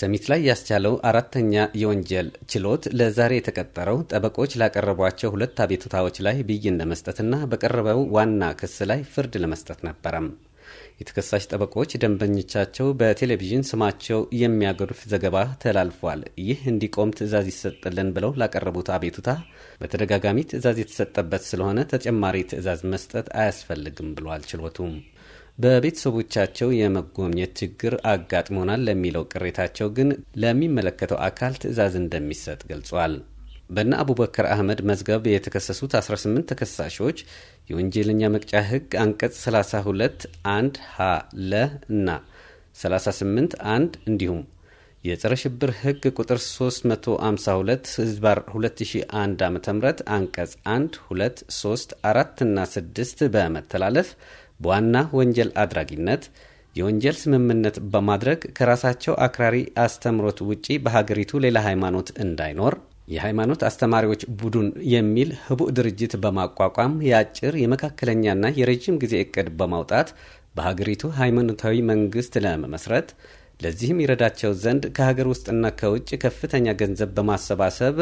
ሰሚት ላይ ያስቻለው አራተኛ የወንጀል ችሎት ለዛሬ የተቀጠረው ጠበቆች ላቀረቧቸው ሁለት አቤቱታዎች ላይ ብይን ለመስጠትና በቀረበው ዋና ክስ ላይ ፍርድ ለመስጠት ነበረም። የተከሳሽ ጠበቆች ደንበኞቻቸው በቴሌቪዥን ስማቸው የሚያጎድፍ ዘገባ ተላልፏል፣ ይህ እንዲቆም ትዕዛዝ ይሰጥልን ብለው ላቀረቡት አቤቱታ በተደጋጋሚ ትዕዛዝ የተሰጠበት ስለሆነ ተጨማሪ ትዕዛዝ መስጠት አያስፈልግም ብሏል ችሎቱም። በቤተሰቦቻቸው የመጎብኘት ችግር አጋጥሞናል ለሚለው ቅሬታቸው ግን ለሚመለከተው አካል ትዕዛዝ እንደሚሰጥ ገልጿል። በእነ አቡበከር አህመድ መዝገብ የተከሰሱት 18 ተከሳሾች የወንጀለኛ መቅጫ ሕግ አንቀጽ 32 1 ሀ ለ እና 38 1 እንዲሁም የጸረ ሽብር ሕግ ቁጥር 352 ህዝባር 2001 ዓ ም አንቀጽ 1 2 3 4 እና 6 በመተላለፍ በዋና ወንጀል አድራጊነት የወንጀል ስምምነት በማድረግ ከራሳቸው አክራሪ አስተምሮት ውጪ በሀገሪቱ ሌላ ሃይማኖት እንዳይኖር የሃይማኖት አስተማሪዎች ቡድን የሚል ህቡዕ ድርጅት በማቋቋም የአጭር የመካከለኛና የረዥም ጊዜ እቅድ በማውጣት በሀገሪቱ ሃይማኖታዊ መንግስት ለመመስረት ለዚህም ይረዳቸው ዘንድ ከሀገር ውስጥና ከውጭ ከፍተኛ ገንዘብ በማሰባሰብ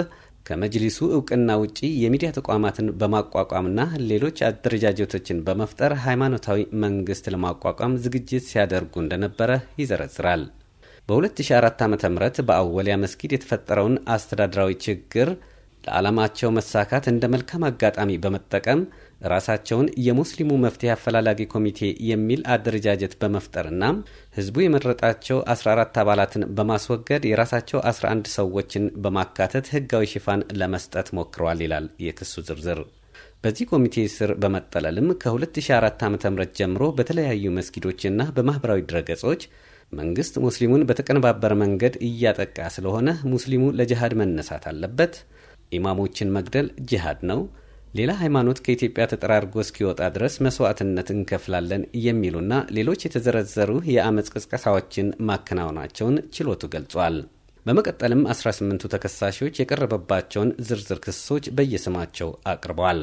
ከመጅሊሱ እውቅና ውጪ የሚዲያ ተቋማትን በማቋቋምና ሌሎች አደረጃጀቶችን በመፍጠር ሃይማኖታዊ መንግስት ለማቋቋም ዝግጅት ሲያደርጉ እንደነበረ ይዘረዝራል። በ2004 ዓ ም በአወሊያ መስጊድ የተፈጠረውን አስተዳደራዊ ችግር ለዓላማቸው መሳካት እንደ መልካም አጋጣሚ በመጠቀም ራሳቸውን የሙስሊሙ መፍትሄ አፈላላጊ ኮሚቴ የሚል አደረጃጀት በመፍጠርና ህዝቡ የመረጣቸው 14 አባላትን በማስወገድ የራሳቸው 11 ሰዎችን በማካተት ህጋዊ ሽፋን ለመስጠት ሞክረዋል ይላል የክሱ ዝርዝር። በዚህ ኮሚቴ ስር በመጠለልም ከ2004 ዓ ም ጀምሮ በተለያዩ መስጊዶችና በማኅበራዊ ድረገጾች መንግሥት ሙስሊሙን በተቀነባበረ መንገድ እያጠቃ ስለሆነ ሙስሊሙ ለጅሃድ መነሳት አለበት፣ ኢማሞችን መግደል ጅሃድ ነው ሌላ ሃይማኖት ከኢትዮጵያ ተጠራርጎ እስኪወጣ ድረስ መስዋዕትነት እንከፍላለን የሚሉና ሌሎች የተዘረዘሩ የአመፅ ቅስቀሳዎችን ማከናወናቸውን ችሎቱ ገልጿል። በመቀጠልም 18ቱ ተከሳሾች የቀረበባቸውን ዝርዝር ክሶች በየስማቸው አቅርበዋል።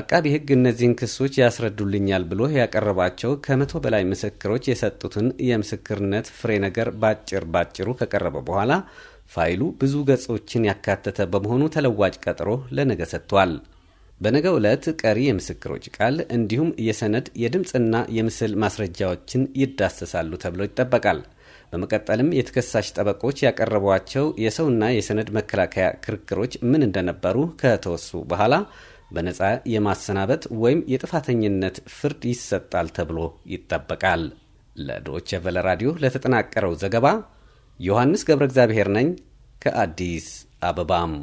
አቃቢ ሕግ እነዚህን ክሶች ያስረዱልኛል ብሎ ያቀረባቸው ከመቶ በላይ ምስክሮች የሰጡትን የምስክርነት ፍሬ ነገር ባጭር ባጭሩ ከቀረበ በኋላ ፋይሉ ብዙ ገጾችን ያካተተ በመሆኑ ተለዋጭ ቀጠሮ ለነገ ሰጥቷል። በነገ ዕለት ቀሪ የምስክሮች ቃል እንዲሁም የሰነድ የድምፅና የምስል ማስረጃዎችን ይዳሰሳሉ ተብሎ ይጠበቃል። በመቀጠልም የተከሳሽ ጠበቆች ያቀረቧቸው የሰውና የሰነድ መከላከያ ክርክሮች ምን እንደነበሩ ከተወሱ በኋላ በነፃ የማሰናበት ወይም የጥፋተኝነት ፍርድ ይሰጣል ተብሎ ይጠበቃል። ለዶች ቨለ ራዲዮ ለተጠናቀረው ዘገባ ዮሐንስ ገብረ እግዚአብሔር ነኝ ከአዲስ አበባም